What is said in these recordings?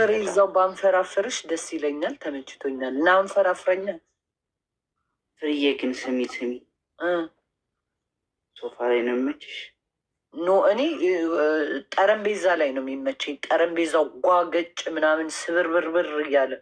ፍሬ እዛው ባንፈራፍርሽ ደስ ይለኛል። ተመችቶኛል እና አንፈራፍረኛል። ፍርዬ ግን ስሚ ስሚ፣ ሶፋ ላይ ነው የሚመችሽ? ኖ እኔ ጠረጴዛ ላይ ነው የሚመቸኝ። ጠረጴዛው ጓገጭ ምናምን ስብርብርብር እያለ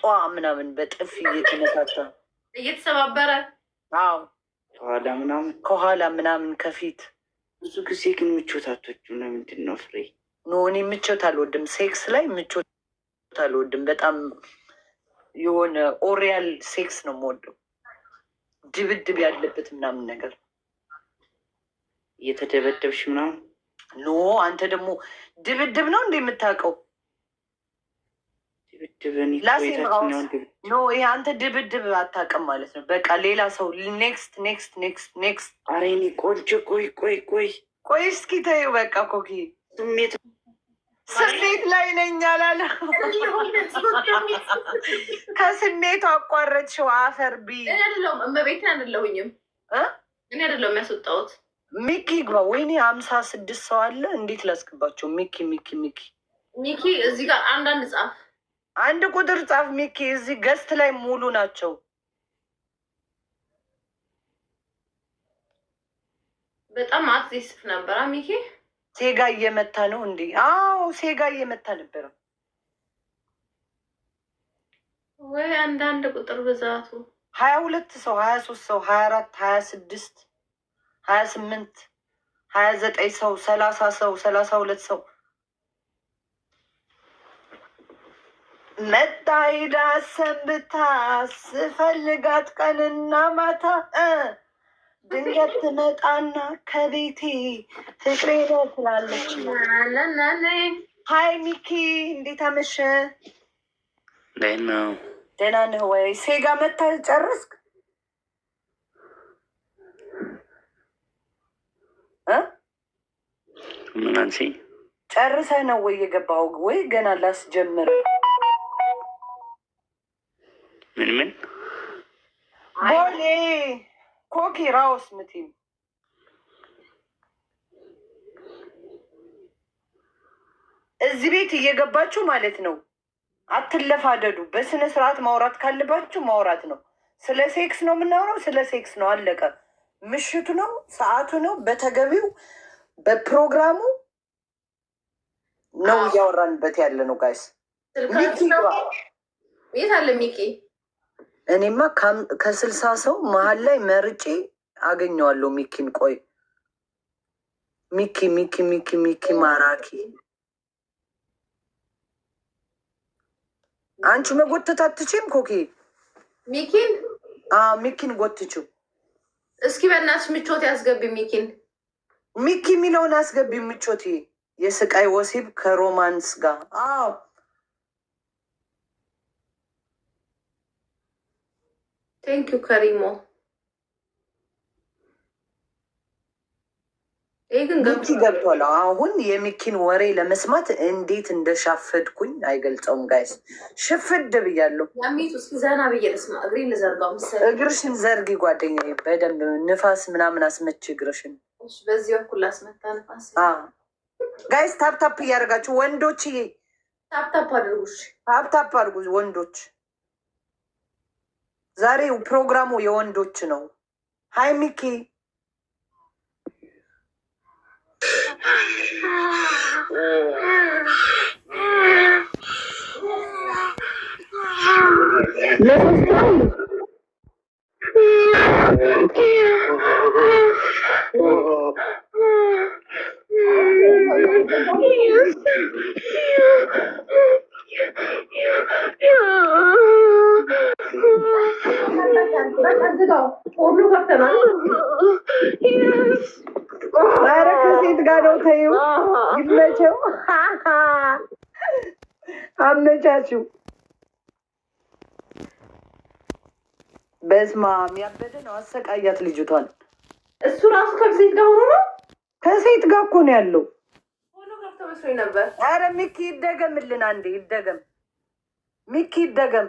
ጧ ምናምን በጥፍ እየተመታታ እየተሰባበረ፣ አዎ ከኋላ ምናምን ከኋላ ምናምን ከፊት ብዙ ጊዜ ግን ምቾታቶች ነው ነው ፍሬ እኔ ምቾት አልወድም። ሴክስ ላይ ምቾት አልወድም። በጣም የሆነ ኦሪያል ሴክስ ነው የምወደው፣ ድብድብ ያለበት ምናምን ነገር እየተደበደብሽ ምናምን። ኖ አንተ ደግሞ ድብድብ ነው እንደ የምታውቀው ኖ ይሄ አንተ ድብድብ አታውቅም ማለት ነው። በቃ ሌላ ሰው ኔክስት ኔክስት ኔክስት ኔክስት። ኧረ እኔ ቆንጆ ቆይ ቆይ ቆይ ቆይ እስኪ ተይው በቃ ኮኪ ስሜት ስሜት ላይ ነኝ አላለ። ከስሜቱ አቋረጥሽው። አፈር ቢ እመቤት አይደለሁኝም እኔ አይደለሁ የሚያስወጣሁት። ሚኪ ግባ። ወይኔ ሀምሳ ስድስት ሰው አለ። እንዴት ላስገባቸው? ሚኪ ሚኪ ሚኪ ሚኪ እዚህ ጋር አንዳንድ ጻፍ፣ አንድ ቁጥር ጻፍ። ሚኪ እዚህ ገስት ላይ ሙሉ ናቸው። በጣም አትዜ ስፍ ነበራ ሚኪ ሴጋ እየመታ ነው እንዴ? አዎ ሴጋ እየመታ ነበረ። ወይ አንዳንድ ቁጥር ብዛቱ ሀያ ሁለት ሰው ሀያ ሶስት ሰው ሀያ አራት ሀያ ስድስት ሀያ ስምንት ሀያ ዘጠኝ ሰው ሰላሳ ሰው ሰላሳ ሁለት ሰው መጣ ሂዳ ሰንብታ ስፈልጋት ቀንና ማታ ድንገት ትመጣና ከቤቴ ፍቅሬ ነው ትላለች። ሀይ ሚኪ፣ እንዴት አመሸ? ደህና ነህ ወይ? ሴጋ መታ ጨርስክ? ምን አንቺ ነው ወይ የገባው ወይ ገና ላስጀምር ኦኬ ራውስ ምቲም እዚህ ቤት እየገባችሁ ማለት ነው። አትለፋደዱ። በስነ ስርዓት ማውራት ካለባችሁ ማውራት ነው። ስለ ሴክስ ነው የምናወራው፣ ስለ ሴክስ ነው። አለቀ። ምሽቱ ነው፣ ሰዓቱ ነው፣ በተገቢው በፕሮግራሙ ነው እያወራንበት ያለ ነው ጋይስ። ሚኪ የት አለ ሚኪ? እኔማ ከስልሳ ሰው መሀል ላይ መርጬ አገኘዋለሁ። ሚኪን ቆይ ሚኪ ሚኪ ሚኪ ሚኪ ማራኪ አንቺ መጎተት አትችም። ኮኪ ሚኪን ሚኪን ጎትችው እስኪ በእናትሽ ምቾት ያስገቢ። ሚኪን ሚኪ የሚለውን አስገቢ። ምቾት የስቃይ ወሲብ ከሮማንስ ጋር ቴንክ ዩ ከሪሞ። ገብቷል። አሁን የሚኪን ወሬ ለመስማት እንዴት እንደሻፈድኩኝ አይገልጸውም። ጋይስ ሽፍድ ብያለሁ። እግርሽን ዘርጊ ጓደኛዬ፣ በደንብ ንፋስ ምናምን አስመች እግርሽን። በዚህ በኩል አስመታ ንፋስ። ጋይስ ታፕታፕ እያደረጋችሁ ወንዶች፣ ታፕታፕ አድርጉ፣ ታፕታፕ አድርጉ ወንዶች ዛሬ ፕሮግራሙ የወንዶች ነው። ሀይ ሚኪ ኧረ ከሴት ጋር ነው። ተይው ይመቸው። አመቻችው። በስመ አብ ያበደ ነው። አሰቃያት ልጅቷን። እሱ ራሱ ከሴት ጋር ሆኖ ነው። ከሴት ጋር እኮ ነው ያለው። ኧረ ሚኪ ይደገምልን አንዴ፣ ይደገም ሚኪ ይደገም።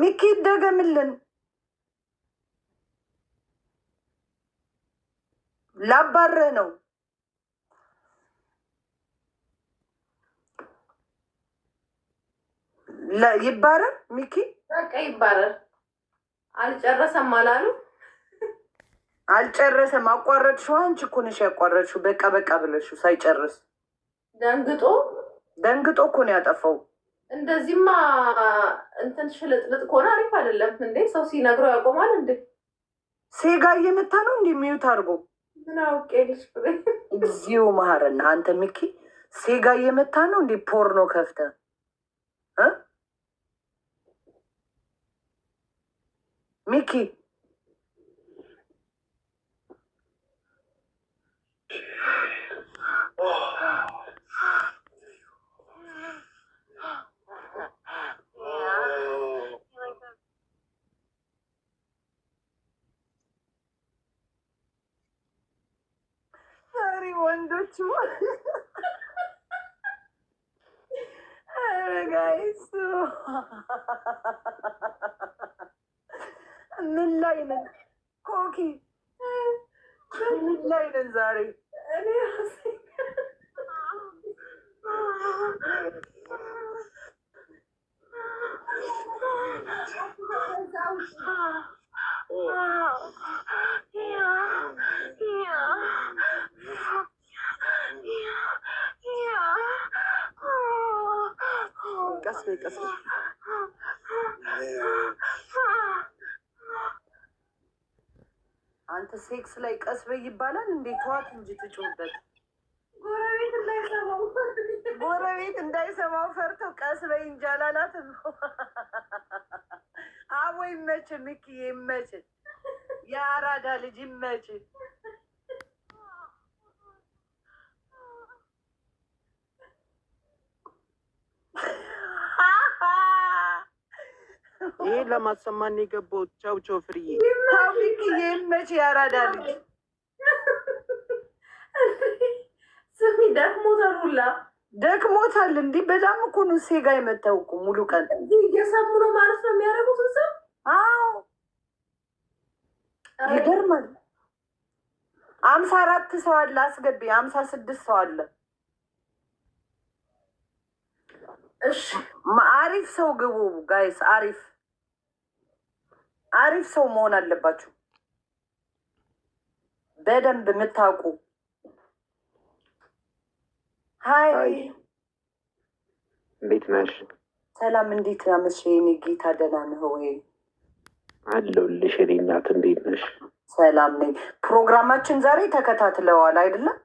ሚኪ ይደገምልን። ላባርህ ነው። ይባረር ሚኪ በቃ ይባረር። አልጨረሰም አላሉ አልጨረሰም። አቋረጥሽው አንቺ እኮ ነሽ ያቋረጥሽው። በቃ በቃ ብለሽው ሳይጨርስ ደንግጦ ደንግጦ እኮ ነው ያጠፋው። እንደዚህማ እንትን ሽልጥልጥ ከሆነ አሪፍ አይደለም እንዴ? ሰው ሲነግረው ያቆማል እንዴ? ሴጋ እየመታ ነው እንዲ ሚዩት አድርጎ ምን አውቄ አንተ ሚኪ ሴጋ እየመታ ነው እንዲ ፖርኖ ከፍተ ሚኪ watchable. guys, so ምን ላይ ነን? ኮኪ ምን ላይ ነን ዛሬ? እኔ ራሴ ቀስ በቀስ አንተ ሴክስ ላይ ቀስ በይ ይባላል እንዴ? ተዋት እንጂ ትጩበት ጎረቤት እንዳይሰማው ፈርተው ቀስ በይ እንጂ አላላትም። አቦ ይመች፣ ምኪ ይመች፣ የአራዳ ልጅ ይመች። ይሄ ለማሰማን የገባው ቻው ቻው። ፍርዬ ታፊክ መቼ ያራዳል? ስሚ ደክሞታል፣ ሁላ ደክሞታል። እንዲህ በጣም እኮ ነው ሴጋ የመታው እኮ ሙሉ ቀን እየሰሙ ነው ማለት ነው የሚያደርጉት። ሰው ይገርማል። አምሳ አራት ሰው አለ አስገቢ፣ አምሳ ስድስት ሰው አለ። እሺ አሪፍ ሰው ግቡ ጋይስ፣ አሪፍ አሪፍ ሰው መሆን አለባችሁ። በደንብ የምታውቁ ሀይ፣ እንዴት ነሽ? ሰላም፣ እንዴት አመሸ? የኔ ጌታ ደህና ነህ ወይ? አለሁልሽ የኔ እናት፣ እንዴት ነሽ? ሰላም ነኝ። ፕሮግራማችን ዛሬ ተከታትለዋል አይደለም?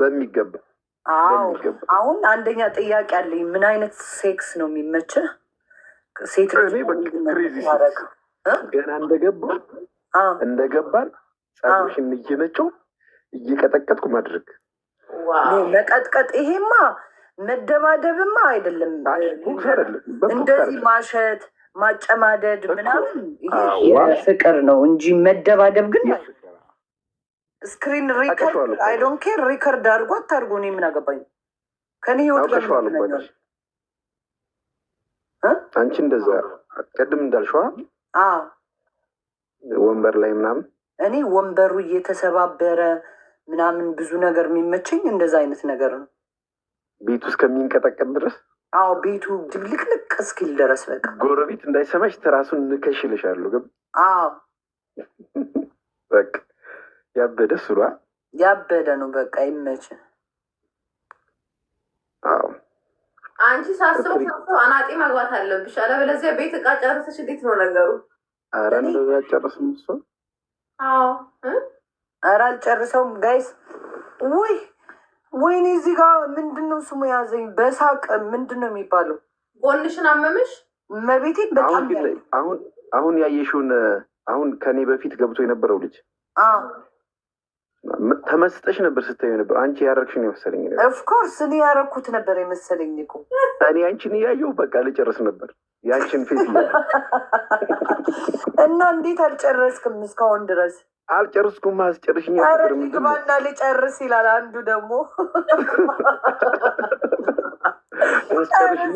በሚገባ አሁን አንደኛ ጥያቄ አለኝ። ምን አይነት ሴክስ ነው የሚመችህ? ሴት ገና እንደገባ እንደገባን ጸሽ እየነጨው እየቀጠቀጥኩ ማድረግ መቀጥቀጥ ይሄማ መደባደብማ አይደለም። እንደዚህ ማሸት፣ ማጨማደድ ምናምን ፍቅር ነው እንጂ መደባደብ ግን ስክሪን ሪከርድ አይ ዶንት ኬር ሪከርድ አድርጎ አታድርጎ እኔ ምን አገባኝ ከኔ ህይወት ጋር አንቺ እንደዛ ቅድም እንዳልሸዋ ወንበር ላይ ምናምን እኔ ወንበሩ እየተሰባበረ ምናምን ብዙ ነገር የሚመቸኝ እንደዛ አይነት ነገር ነው። ቤቱ እስከሚንቀጠቀጥ ድረስ አዎ፣ ቤቱ ድብልቅልቅ እስኪል ድረስ በቃ ጎረቤት እንዳይሰማሽ ትራሱን ንከሽ ይልሻሉ። ግን አዎ፣ በቃ ያበደ ስሯ ያበደ ነው። በቃ ይመች። አዎ አንቺ ሳስበው ሳስበው አናጤ መግባት አለብሽ። አለበለዚያ ቤት እቃ ጨርሰሽ እንዴት ነው ነገሩ? ኧረ እንደዛ ጨርስም እሱ አዎ። ኧረ አልጨርሰውም ጋይስ። ውይ ወይኔ፣ እዚህ ጋር ምንድን ነው ስሙ ያዘኝ። በሳቅ ምንድን ነው የሚባለው? ጎንሽን አመመሽ? መቤቴ በጣም አሁን አሁን ያየሽውን አሁን ከኔ በፊት ገብቶ የነበረው ልጅ ተመስጠሽ ነበር ስታዩ ነበር። አንቺ ያረግሽ ነው የመሰለኝ። ኦፍኮርስ እኔ ያረግኩት ነበር የመሰለኝ እኮ እኔ አንቺን እያየሁ በቃ ልጨርስ ነበር ያንቺን ፊት እና እንዴት አልጨረስክም? እስካሁን ድረስ አልጨርስኩም። አስጨርሽኝ ግባና ልጨርስ ይላል አንዱ ደግሞ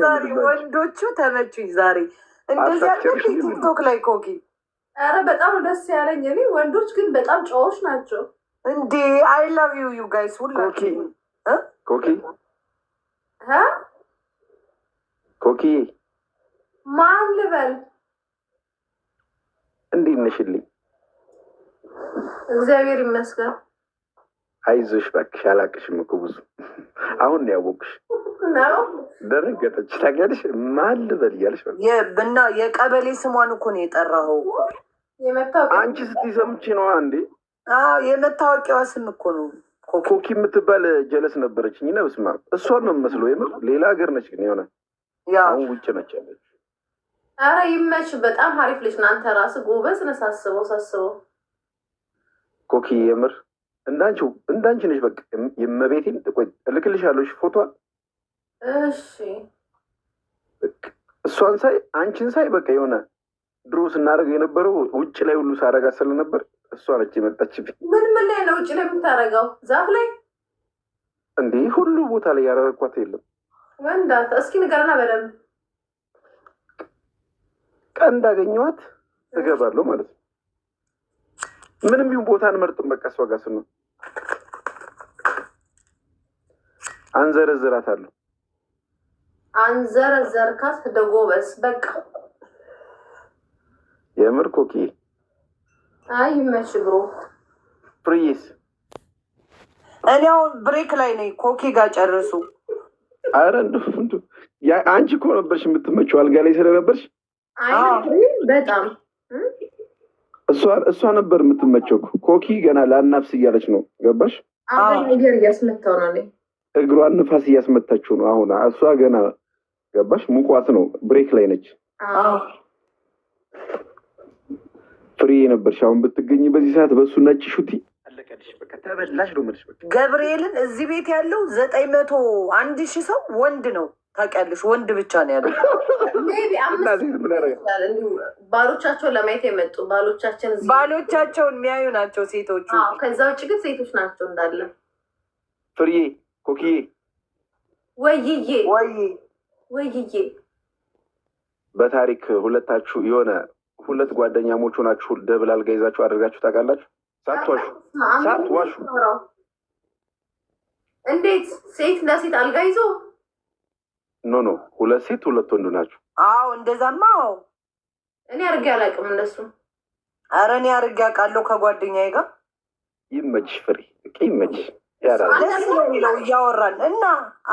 ዛሬ ወንዶቹ ተመቹኝ። ዛሬ እንደዚህ ያለ ቲክቶክ ላይ ኮኪ፣ ኧረ በጣም ደስ ያለኝ እኔ ወንዶች ግን በጣም ጨዋዎች ናቸው። እንዴ አይ ላቭ ዩ ዩ ጋይስ ሁላችሁ። ኮኪ ኮኪ ማን ልበል? እንዴት ነሽልኝ? እግዚአብሔር ይመስገን። አይዞሽ እባክሽ፣ አላቅሽም እኮ ብዙ። አሁን ነው ያወቅሽ። ደረገጠች። ታውቂያለሽ ማን ልበል እያለሽ እና የቀበሌ ስሟን እኮ ነው የጠራኸው። አንቺ ስትይ ሰምቼ ነዋ እንዴ የመታወቂያዋ ስም እኮ ነው። ኮኪ የምትባል ጀለስ ነበረችኝ እና በስመ አብ እሷን ነው የምመስለው። የምር ሌላ ሀገር ነች፣ ግን የሆነ አሁን ውጭ ነች ያለች። ኧረ ይመች፣ በጣም አሪፍ ልጅ ናንተ ራስ ጎበዝ ነህ። ሳስበው ሳስበው ኮኪ የምር እንዳንቺ እንዳንቺ ነች። በቃ የመቤቴን እልክልሻለሁ ፎቶዋን። እሺ እሷን ሳይ አንቺን ሳይ በቃ የሆነ ድሮ ስናደርገው የነበረው ውጭ ላይ ሁሉ ሳደርጋት ስለነበር እሷ ነች የመጣችብኝ። ምን ምን ላይ ነው ውጭ የምታደርገው ዛፍ ላይ እንዴ? ሁሉ ቦታ ላይ ያደረግኳት የለም። ወንዳት እስኪ ንገርና በደንብ ቀን እንዳገኘዋት እገባለሁ ማለት ነው። ምንም ይሁን ቦታ አንመርጥም። በቃ እሷ ጋር አንዘረዝራት አንዘረዝራታለሁ። አንዘረዘርካት ደጎበስ በቃ የምር አይ ይመች ብሮ እኔ አሁን ብሬክ ላይ ነኝ። ኮኬ ጋር ጨርሱ። አረ አንቺ እኮ ነበርሽ የምትመቸው አልጋ ላይ ስለነበርሽ በጣም እሷ ነበር የምትመቸው። ኮኪ ገና ለአናፍስ እያለች ነው ገባሽ? ነው እግሯን ንፋስ እያስመታችው ነው አሁን። እሷ ገና ገባሽ ሙቋት ነው ብሬክ ላይ ነች። ገብርኤ ነበርሽ። አሁን ብትገኝ በዚህ ሰዓት በእሱ ነጭ ሹቲ ተበላሽ ነው የምልሽ። ገብርኤልን እዚህ ቤት ያለው ዘጠኝ መቶ አንድ ሺህ ሰው ወንድ ነው ታውቂያለሽ፣ ወንድ ብቻ ነው ያለው። ባሎቻቸውን ለማየት የመጡ ባሎቻችን ባሎቻቸውን የሚያዩ ናቸው ሴቶቹ። ከዛ ውጭ ግን ሴቶች ናቸው እንዳለ። ፍርዬ ኮክዬ፣ ወይዬ ወይዬ፣ በታሪክ ሁለታችሁ የሆነ ሁለት ጓደኛሞቹ ናችሁ። ደብል አልጋ ይዛችሁ አድርጋችሁ ታውቃላችሁ? ሳትዋሹ ሳትዋሹ። እንዴት ሴት ለሴት አልጋ ይዞ? ኖ ኖ፣ ሁለት ሴት ሁለት ወንድ ናችሁ። አዎ እንደዛማ። አዎ እኔ አድርጌ አላውቅም። እነሱ። ኧረ እኔ አድርጌ አውቃለሁ ከጓደኛዬ ጋር። ይመችሽ ፍሬ፣ ይመችሽ ደስ ነው የሚለው እያወራን እና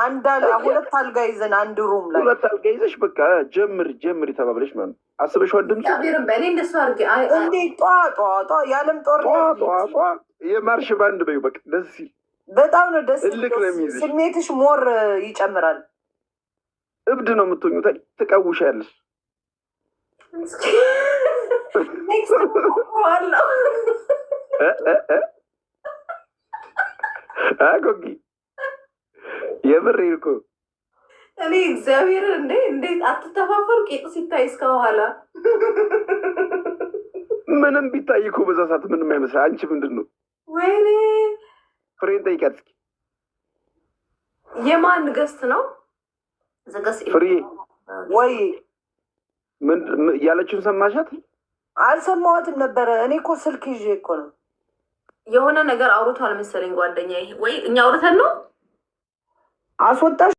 አንድ ሁለት አልጋ ይዘን አንድ ሩም ላይ ሁለት አልጋ ይዘሽ በቃ ጀምሪ ጀምሪ ተባብለሽ ማ አስበሽ እንዴ የዓለም ጦርነት የማርሽ ባንድ በቃ ደስ ሲል በጣም ነው ደስ ስሜትሽ ሞር ይጨምራል። እብድ ነው የምትኙ ትቀውሻለሽ። አጎጊ የምር ይልኩ እኔ እግዚአብሔር እንዴ እንዴት አትተፋፈሩ? ቄጥ ሲታይ እስከ ምንም ቢታይ እኮ በዛ ሰዓት ምንም አይመስል። አንቺ ምንድን ነው? ወይኔ ፍሬን ጠይቂያት እስኪ። የማን ገስት ነው? ፍሬ ወይ ያለችውን ሰማሻት? አልሰማሁትም ነበረ። እኔ እኮ ስልክ ይዤ እኮ ነው የሆነ ነገር አውርቷል መሰለኝ ጓደኛ ወይ እኛ አውርተን ነው አስወጣ